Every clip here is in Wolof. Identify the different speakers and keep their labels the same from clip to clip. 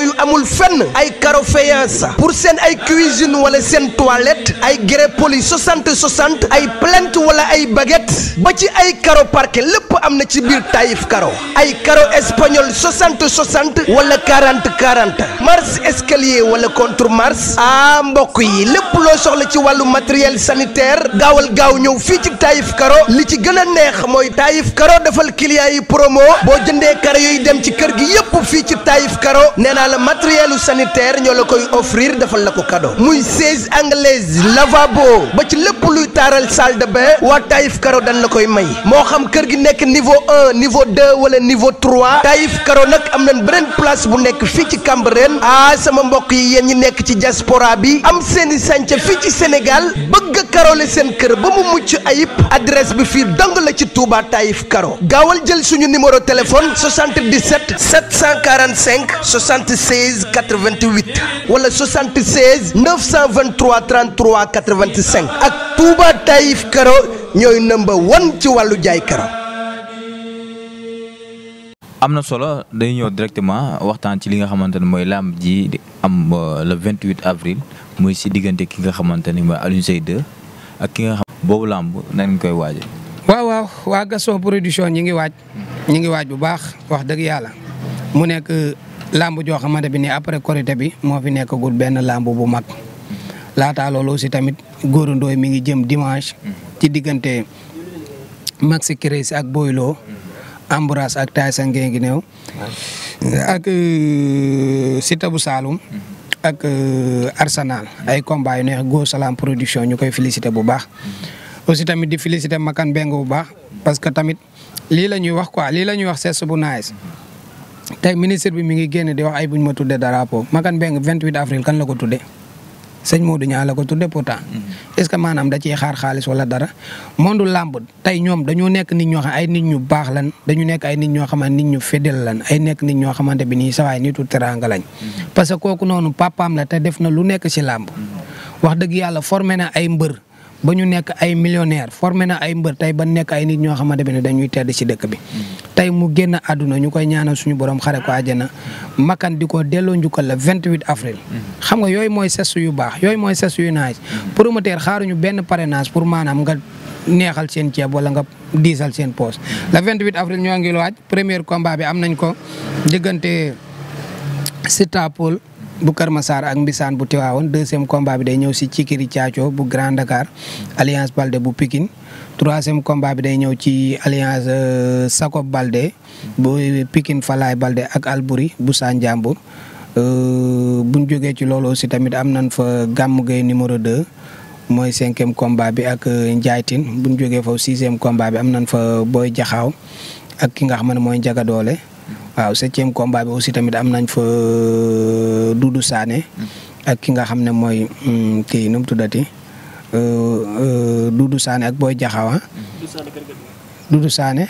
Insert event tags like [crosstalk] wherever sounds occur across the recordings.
Speaker 1: yooyu amul fenn ay carreau pour s'en ay cuisine wala sen toilette ay grepoli 60 60 ay plainte wala ay baguette ba ci ay carreau parquet lépp ci bir Taïf caro ay caro espagnol 60 60 wala 40 40 mars escalier wala contre mars a ah, mbok yi lepp lo soxla ci walu matériel sanitaire gaawal gaaw ñëw Taïf Karo li ci gën a neex mooy Taïf Karo defal clients yi promo boo jëndee karo yooyu dem ci kër gi yépp fii ci Taïf Karo nee naa la matériel sanitaire ñoo la koy offrir defal la ko cadeau muy siège anglaise lavabo ba ci lépp luy taaral salle de bain waa Taïf Karo dañ la koy may moo xam kër gi nekk niveau un niveau deux wala niveau trois Taïf Karo nag am nañ beneen place bu nekk fii ci Cambérène ah sama mbokk yi yéen ñi nekk ci diaspora bi am seeni sànca fii ci Sénégal bëgg a seen kër ba mu yëpp bi fii dong la ci Touba Taïf Karo gaawal jël suñu numéro téléphone 77 745 76 88 wala 76 923 33 85 ak Touba Taïf Karo ñooy number one ci wàllu jaay karo.
Speaker 2: am na solo day ñëw directement waxtaan ci li nga xamante ne mooy làmb ji am euh, le 28 avril muy si diggante ki nga xamante ni mooy Alioune Seye 2 ak ki nga. bobu lamb nañ koy wajé waaw
Speaker 3: waaw wa Gaston production ñi ngi waj ñi ngi waj bu baax wax deug yalla mu nek uh, lamb jo xamanté bi ni après corité bi mo fi gul ben lamb bu mag laataa loolu ci tamit Gora ndoy mi ngi jëm dimanche ci digënté Maxi Crési ak Boylo Ambras ak Tyson new ak uh, Siteu bu ak uh, Arsenal ay combat yu neex Go Salam production ñu féliciter bu baax aussi tamit di féliciter Makan Bengo bu baax parce que tamit li lañuy wax quoi li lañuy wax c'est bu nice tay ministre bi mi ngi génn di wax ay buñ ma tuddé drapeau Makan beng 28 avril kan la ko tuddee sëñ Modou Niang la ko tuddee pourtant mm-hmm. est-ce que manam da ci xaar xaaliss wala dara monde lamb tay ñom dañu nekk nit ñoo xam ay nit ñu baax lan dañu nekk ay nit ñoo ni nit ñu fidèle lan ay nekk nit ñoo xamanté bi nii sawaay nitu teranga lañ mm-hmm. parce que koku nonu papam la def na lu nekk ci lamb mm-hmm. wax deug yalla formé na ay mbeur ba ñu nekk ay millionnaire formé na ay mbër tey ba nekk ay nit ñoo xamante ne dañuy tedd ci dëkk bi. Mm. tey mu génn àdduna ñu koy ñaanal suñu borom xare ko àjjana makan di ko delloo njukkal la 28 avril. Mm. xam nga yooyu mooy ses yu baax yooyu mooy ses yu naaj. Mm. promoteur xaaruñu benn parrainage pour maanaam nga neexal seen ceeb wala nga diisal seen poos le 28 avril ñoo ngi waaj premier combat bi am nañ ko diggante Sitapol bu Kër Massar ak Mbisaan bu Tiwaawoon deuxième combat bi day ñëw si Cikiri Caaco bu Grand Dakar Alliance Balde bu Pikine troisième combat bi day ñëw ci Alliance euh, Sakob Balde bu Pikine Falaay Balde ak Albouri bu Sanjambur euh, buñ jógee ci loolu aussi tamit am nañ fa Gàmmu Gay numéro 2 mooy cinquième combat bi ak euh, Njaaytin buñ jógee foofu sixième combat bi am nañ fa booy Jaxaaw ak ki nga xam ne mooy Njaga Doole waaw septième combat bi aussi tamit am nañ fa euh, Doudou saane mm. ak ki nga xam ne mooy mm, kii nu mu tuddati euh, euh, Doudou Sané ak Boy Jaxawa. Doudou Sané.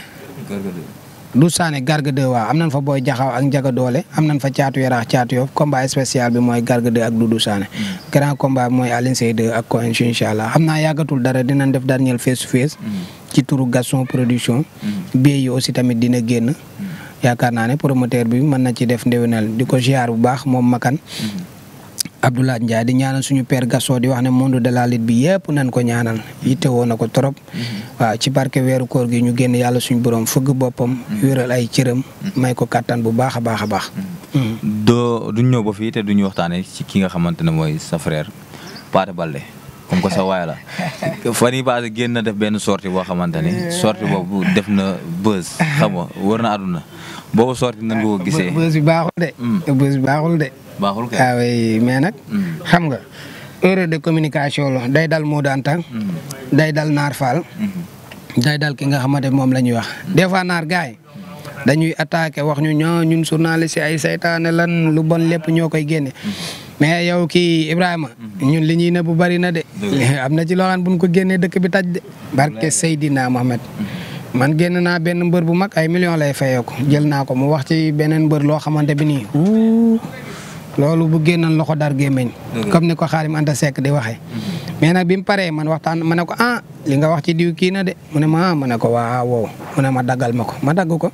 Speaker 3: Doudou Sané Garga 2 am nañ fa Boy Jaxaw ak Njaga Doole am nañ fa Caatu Yaraax Caatu Yoff combat spécial bi mooy Garga 2 ak Doudou Sané. Mm. grand combat bi mooy Alioune Seye ak Coench incha allah xam naa yàggatul dara dinañ def dernier face to ci turu Gaston production. billets aussi tamit dina génn. yaakaar naa ne promoteur bi mën na ci def ndéwénal di ko ziar bu baax moom Makan. Mm-hmm. Abdoulaye Ndiaye di ñaanal suñu père Gasso di wax ne monde de la bi yëpp nan ko ñaanal yitte woo na ko trop. Mm-hmm. waaw ci barke weeru koor gi ñu génn yàlla suñu borom fëgg boppam. Mm-hmm. wéral ay cëram. may ko kàttan bu baax a baax a baax.
Speaker 2: doo duñ ñëw ba fii te duñu waxtaanee ci ki nga xamante ne mooy sa frère Pathé Baldé. comme que sa waay la fan yii passé génn na def benn sortie boo xamante ni sortie boobu def na buzz xam nga na àdduna boobu sortie nan nga ko gisee. buzz
Speaker 3: bi baaxul de. Hmm. buzz baaxul de. baaxul kay ah mais nag. Hmm. xam nga erreur de communication la day dal Modou Anta. Hmm. day dal Naar Fall. day dal ki nga xamante moom la ñuy wax. des Naar gars dañuy attaqué wax ñu ñoo ñun si ay saytaane lan lu bon lépp ñoo koy génne. mais yow ki Ibrahima. Mm-hmm. ñun li ñuy neub bari na de. [laughs] amna ci loo xam buñ ko génnee dëkk bi taj de. Mm-hmm. man génn na benn mbeur bu mag ay million lay fayee ko jël na ko mu wax ci benen mbeur lo xamanté bi ni lolu bu génnoon loxo dar gemeñ comme ni ko Xaadim Anta sek di waxe mm-hmm. mais nak bi paré man waxtan ma ko ah li nga wax ci diw ki na de mu ma ah ko waaw mu ma dagal mako ma ko.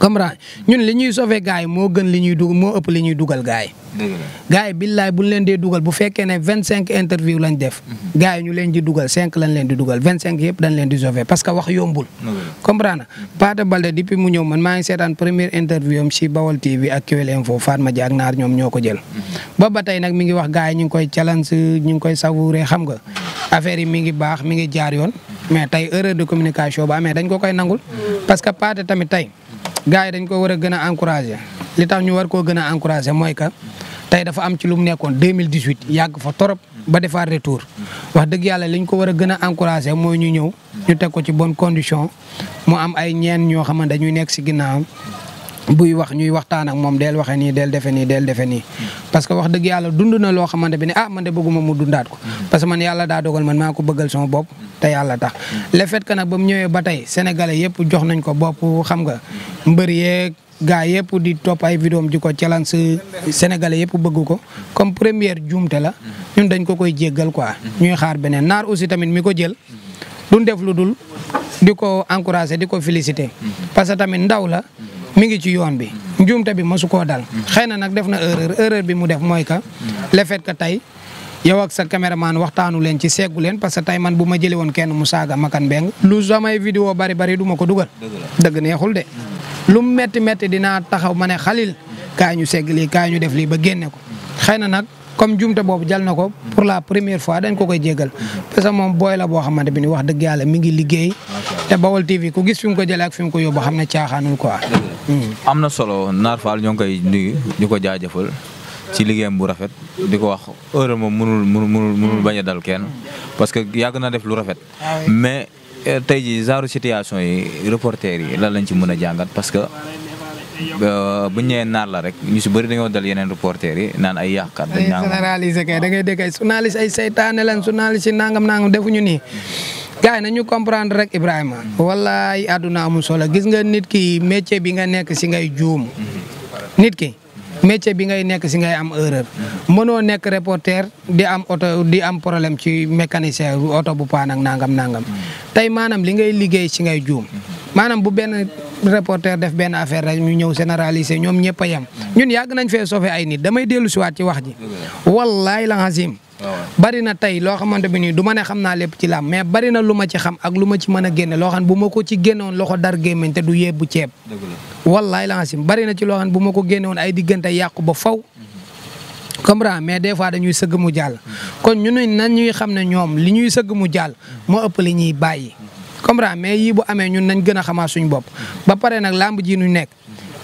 Speaker 3: comprendre ñun li ñuy sauver gars yi moo gën li ñuy dug moo ëpp li ñuy dugal gars yi. gars yi billaay bu leen dee dugal bu fekkee ne vingt cinq interview lañ def. Mhm. gars yi ñu leen di dugal cinq lañ leen di dugal vingt cinq yëpp dañ leen di sauver parce que wax yombul. comprendre mhm. Pathé Baldé depuis mu ñëw man maa ngi seetaan première interview am si Bawol TV ak Kewel Info Fatma Dia ak Naar ñoom ñoo ko jël. Mhm. ba ba tey nag mi ngi wax gars yi ñu ngi koy challenge ñu ngi koy savourer xam nga affaire yi mi ngi baax mi ngi jaar yoon mais tey erreur de communication ba amee dañ ko koy nangul parce tamit tey gars yi dañ ko war a gën a encouragé li tax ñu war koo gën a encouragé mooy que tey dafa am ci lu mu nekkoon 2018 yàgg fa torop ba defaat retour wax dëgg yàlla liñ ko war a gën a encouragé mooy ñu ñëw ñu teg ko ci bonne condition mu am ay ñeen ñoo xam ne dañuy nekk si ginnaaw buy wax ñuy waxtaan ak mom del waxe ni del defe ni del defe ni parce que wax deug yalla dund na loo bi ah man de bëgguma mu dundat ko parce que man yalla da dogal man mako bëggal sama bop te yalla tax le fait que nak bam ñëwé batay sénégalais yépp jox nañ ko bop xam nga mbeur yeeg gaay yépp di top ay vidéom diko challenge sénégalais yépp bëgg ko comme première djumté la ñun dañ ko koy jéggal quoi ñuy xaar benen nar aussi tamit mi ko jël duñ def lu dul ko encourager diko féliciter parce que tamit ndaw la mi ngi ci yoon bi njuumte bi mosu koo dal xëy na nag def na erreur erreur bi mu def mooy que le fait que tey yow ak sa caméraman waxtaanu leen ci seggu leen parce que tey man bu ma jëlee woon kenn mu saaga makan beng lu samay vidéo bari bari duma ko dugal dëgg neexul de lu mu metti métti dinaa taxaw ma ne xalil kaa ñu segg lii kaa ñu def lii ba génne ko xëy na nag comme jumte boobu jal na ko pour la première fois dañ ko koy jégal parce moom booy la boo xamante bi ni wax dëgg yàlla mi ngi liggéey te Baol TV ku gis fi ko jëlee fi ko yóbbu xam ne caaxaanul quoi
Speaker 2: am na solo Naar Fall ñoo ngi koy nuyu di ko jaajëfal ci liggéeyam bu rafet di ko wax heure moom mënul mënul mënul bañ dal kenn parce que yàgg na def lu rafet ah mais euh, te ji genre situation yi reporter yi lan lañ ci mën a jàngat parce que euh, bu ñëwee naar la rek ñu si bëri dañoo dal yeneen reporter yi naan ay yàqkat dañ naan
Speaker 3: généraliser kay da ngay dégg ay journaliste ay saytaane yi nangam nangam defuñu nii gars yi nañu comprendre rek Ibrahima. wallaay àdduna amul solo gis nga nit ki métier bi nga nekk si ngay juum. nit ki métier bi ngay nekk si ngay am erreur. mënoo nekk reporter di am oto di am problème ci mécanicien oto bu paan ak nangam nangam. tey maanaam li ngay liggéey si ngay juum. maanaam bu benn reporter def benn affaire rek ñu ñëw généraliser ñoom ñëpp a yem ñun yàgg nañ fee sofe ay nii damay dellu siwaat ci wax ji wallaay la azim ah bari na tey loo xamante bi nii du ma ne xam naa lépp ci làmb bari na lu ma ci xam ak lu ma ci mën a génne loo xam bu ma ko ci génnewoon loxo dar gémmiñ te du bu ceeb wallaay la azim bari na ci loo bu ma ko génnewoon ay diggante yàqu ba faw comprend mais des fois dañuy sëgg mu jàll kon ñun nañ ñuy xam ne ñoom li ñuy sëgg mu jàll moo ëpp li ñuy bàyyi comprends mais yii bu amee ñun nañ gën a xamaat suñu bopp ba pare nag làmb ji ñu nekk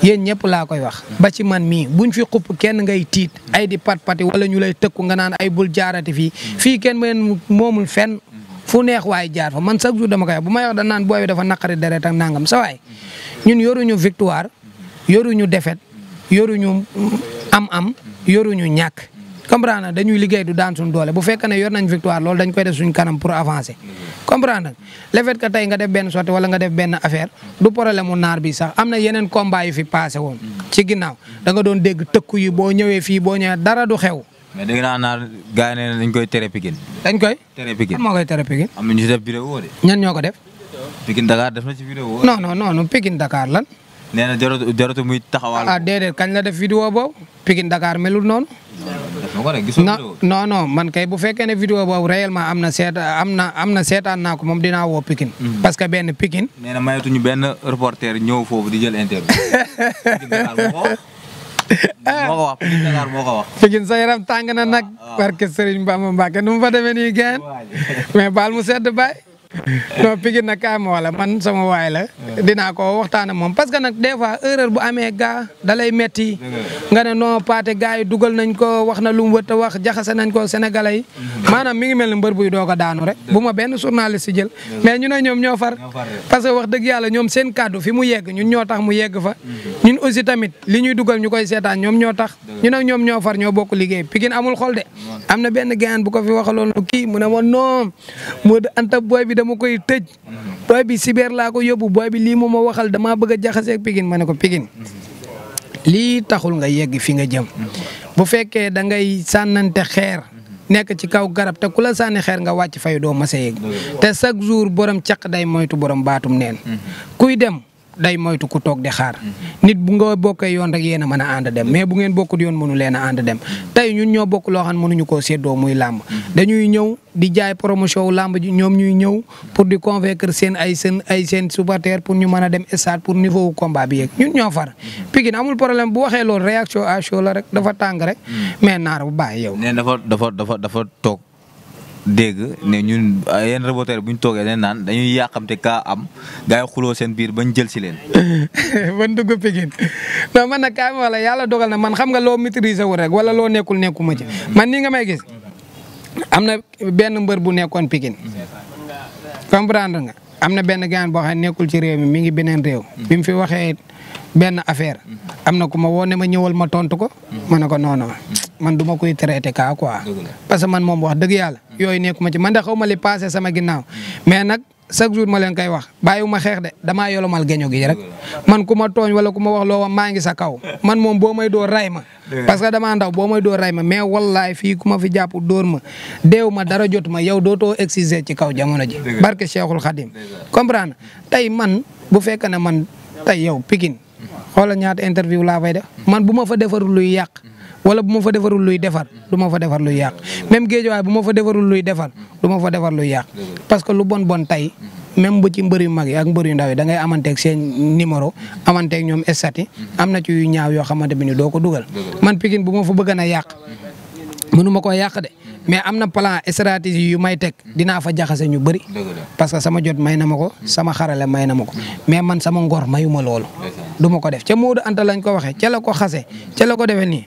Speaker 3: yéen ñëpp laa koy wax ba ci man mii buñ fi xupp kenn ngay tiit ay di pat pati wala ñu lay tëkku nga naan ay bul jaarati fii fii kenn mën moomul fenn fu neex waay jaar fa man chaque jour dama koy bu may wax da naan booy bi dafa naqari deret ak nangam sa waay ñun yoruñu victoire yoruñu défaite yoruñu am-am yoruñu ñàkk. comprendre dañuy liggéey du daan suñu doole bu fekkee ne yor nañ victoire loolu dañ koy def suñ kanam pour avancer. comprendre le fait que nga def benn sotti wala nga def benn affaire du problème mu naar bi sax am na yeneen combat fi passé woon. ci ginnaaw da nga doon dégg tëkku yi boo ñëwee fii boo ñëwee dara du xew.
Speaker 2: mais dégg naa naar gars yi dañ koy tere Pikine.
Speaker 3: dañ koy tere Pikine moo koy tere Pikine.
Speaker 2: am na ñu si ñoo ko def. Pikine Dakar def na ci vidéo. non
Speaker 3: non non Pikine Dakar lan.
Speaker 2: nee na jaratu jaratu muy taxawal.
Speaker 3: ah déedéet kañ la def vidéo boobu Pikine Dakar melul noonu. non non non man kay bu fekkee ne vidéo boobu réellement am na seet am na am na seetaan naa ko moom dinaa woo Pikine. Hmm. parce que benn pikin
Speaker 2: nee na mayatuñu benn reporter ñëw foofu di jël [laughs] na
Speaker 3: nag. waaw ah, ah. parce que Serigne Bamba fa demee nii gën [laughs] mais baal mu sedd baay. non Pikine nag kaay ma wala man sama waay la. dinaa ko waxtaan ak moom parce que nag des fois erreur bu amee gaa da lay metti nga ne non paate gars yi dugal nañ ko wax na lu mu wëtt a wax jaxase nañ ko Sénégalais yi. maanaam mi ngi mel ni mbër buy doog a daanu rek. bu ma benn journaliste jël. mais ñu ne ñoom ñoo far. parce que wax dëgg yàlla ñoom seen kaddu fi mu yegg ñun ñoo tax mu yegg fa. Mm-hmm. ñun aussi tamit li ñuy dugal ñu koy seetaan ñoom ñoo tax. ñu ne ñoom ñoo far ñoo bokk liggéey Pikine amul xol de. am na benn mu ne ma dama koy tëj booy bi sibeer laa ko yóbbu booy bi lii moom ma waxal damaa bëgg a jaxaseeg Pikine ma ne ko Pikine lii taxul nga yegg fi nga jëm bu fekkee da ngay sànnante xeer nekk ci kaw garab te ku la sànni xeer nga wàcc fay doo mas a yegg te chaque jour borom caq day moytu borom baatum neen mm-hmm. kuy dem. day moytu ku toog di xaar nit bu nga bokkee yoon rek yéen a mën a ànd dem mais bu ngeen bokkut yoon mënu leen a ànd dem tey ñun ñoo bokk loo xam mënuñu koo séddoo muy làmb dañuy ñëw di jaay promotion wu làmb ji ñoom ñuy ñëw pour di convaincre seen ay seen ay seen supporters pour ñu mën a dem stade pour niveau wu combat bi yeeg ñun ñoo far Pikine amul problème bu waxee loolu réaction à chaud rek dafa tàng rek mm. mais naar bu bàyyi yow
Speaker 2: nee dafa dafa dafa dafa toog dégg ne ñun yenn reporter bu ñu toogee dañ naan dañuy yàqamte kaa am gars yi xuloo seen biir bañ jël si leen.
Speaker 3: man [laughs] dugg Pikine man nag kaay wala yàlla dogal na man xam nga loo maîtriser wu rek wala loo nekkul nekkuma ci man nii nga may gis am na benn mbër bu nekkoon Pikine comprendre nga. am na benn gaan boo xam nekkul ci réew mi mi ngi beneen réew. Mm-hmm. bi mu fi waxee benn affaire. Mm-hmm. am na ku ma woo ma ñëwal ma tontu ko. Mm-hmm. ma ne ko non non man du ma koy traité kaa quoi. parce que man moom wax dëgg yàlla. yooyu nekkuma ci man de xaw ma li passé sama ginnaaw mais nag. chaque jour ma leen koy wax ma xeex de damaa yolomal geño gi rek man ku ma tooñ wala ku ma wax loo wax maa ngi sa kaw man moom boo may doo ray ma. parce que damaa ndaw boo may doo ray ma mais wallaay fii ku ma fi jàpp dóor ma deew ma dara jot ma yow dootoo exiger ci kaw jamono ji. barke Cheikhul Khadim comprendre tey man bu fekkee ne man tey yow Pikine xoolal ñaata interview laa fay def man bu ma fa defarul luy yàq. wala buma fa defarul luy defar duma fa defar luy yaq même géejawaay way buma fa defarul luy defar duma fa defar luy yaq parce que lu bon bon tay même bu ci mbeur yu mag yi ak mbeur yu ndaw yi da ngay ak sen numéro ak ñom estati amna ci yu ñaaw yo xamanté bi ni doo dugal man Pikine buma fa bëgg na mënu ko yàq mais amna plan stratégie yu may tek dina fa jaxase ñu bari parce que sama jot may na sama xarale may na ma mais man sama ngor mayuma ma duma ko def ci Modou Anta lañ ko waxee ci la ko xasse ci la ko ni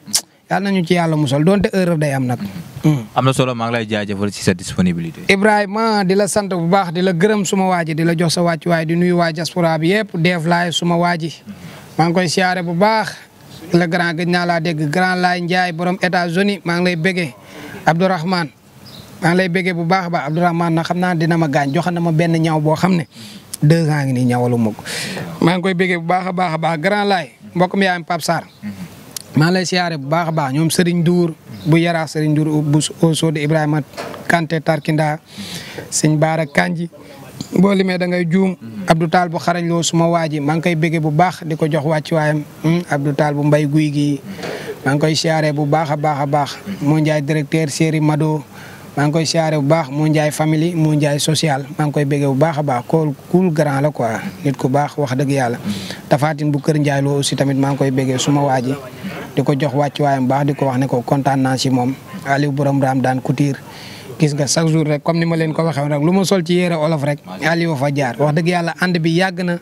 Speaker 3: yàlla nañu ci mu musal donte erreur day am nag.
Speaker 2: Hmm. am na solo maa ngi lay jaajëfal ci sa disponibilité.
Speaker 3: Ibrahima di la sant bu baax di la gërëm suma waa ji di la jox sa wàccuwaay di nuyu waa diaspora bi yëpp Def Laay suma waa maa ngi siyaare bu baax le grand gëj naa laa dégg grand laay Ndiaye borom États-Unis maa ngi lay béggee Abdourahmane maa ngi lay béggee bu baax ba Abdourahmane na xam naa dina ma gaañ joxe na ma benn ñaw boo xam ne deux ans ngi nii ñawalu ma ko maa ngi koy béggee bu baax a baax a baax grand laay mbokk mi yaayam Pape Sarr hmm. Malaysia lay siyaare bu baax baax ñoom Serigne Dour bu Yara Serigne Dour bu de Ibrahima Kanté Tarkinda sëñ bara Kanji bo limé da ngay joom Abdou tal bu xarañ lo suma waji bu baax di ko jox waccu wayam hmm, Abdou tal bu mbay guuy gi maa koy bu baax a baax mo ndjay mangkoi directeur Séri Mado maa koy bu baax mo ndjay family mo ndjay social koy bu baax baax kool grand la quoi nit ku baax wax dëgg yàlla tafaatin bu kër ndjay lo aussi tamit mangkoi ngi koy suma waji di ko jox wàccuwaayam baax di ko wax ne ko kontaan naa si moom Aliou borom raam daan Couture gis nga chaque jour rek comme ni ma leen ko waxee rek rek Aliou fa jaar wax dëgg yàlla ànd bi yàgg na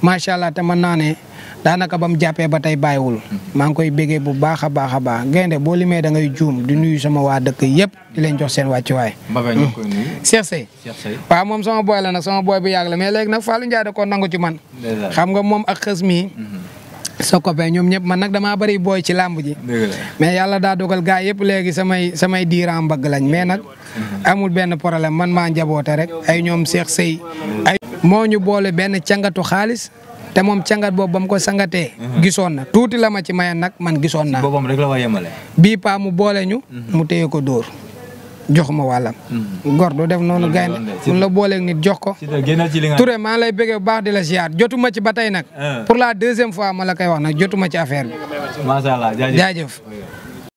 Speaker 3: macha allah te mën naa ne daanaka ba mu jàppee ba tey bàyyiwul maa ngi koy bégee bu baax a baax a baax gaynde boo limee da ngay juum di nuyu sama waa dëkk yëpp di leen jox seen wàccuwaay.
Speaker 2: Mbaga ñu koy nuyu.
Speaker 3: Hmm. moom sama boy la nag sama boy bu yàgg la mais léegi nag Fallou Ndiaye da koo nangu ci man. xam nga moom ak xës sa copain ñoom ñëpp man nag damaa bari booy ci làmb ji. mais yàlla daa dogal gaa yëpp léegi samay samay diiran mbagg lañ mais nag amul benn problème man maa njaboote rek ay ñoom seex sey ay moo ñu boole benn cangatu xaalis. te moom cangat boobu ba mu ko sangatee. Mhm. gisoon na tuuti la ma ci mayan nag man gisoon naa. boobam rek la waa yemale. bii paa boole ñu. Mhm. mu téye ko dóor. joxuma wàllam hmm. gor du def noonu gaynde mun la booleeg nit jox ko Touré maa lay bëggee bu baax di la ziar jotuma ci ba tey nag ah. pour la deuxième fois ma la koy wax nag jotuma ci affaire bi macha allah jaajëf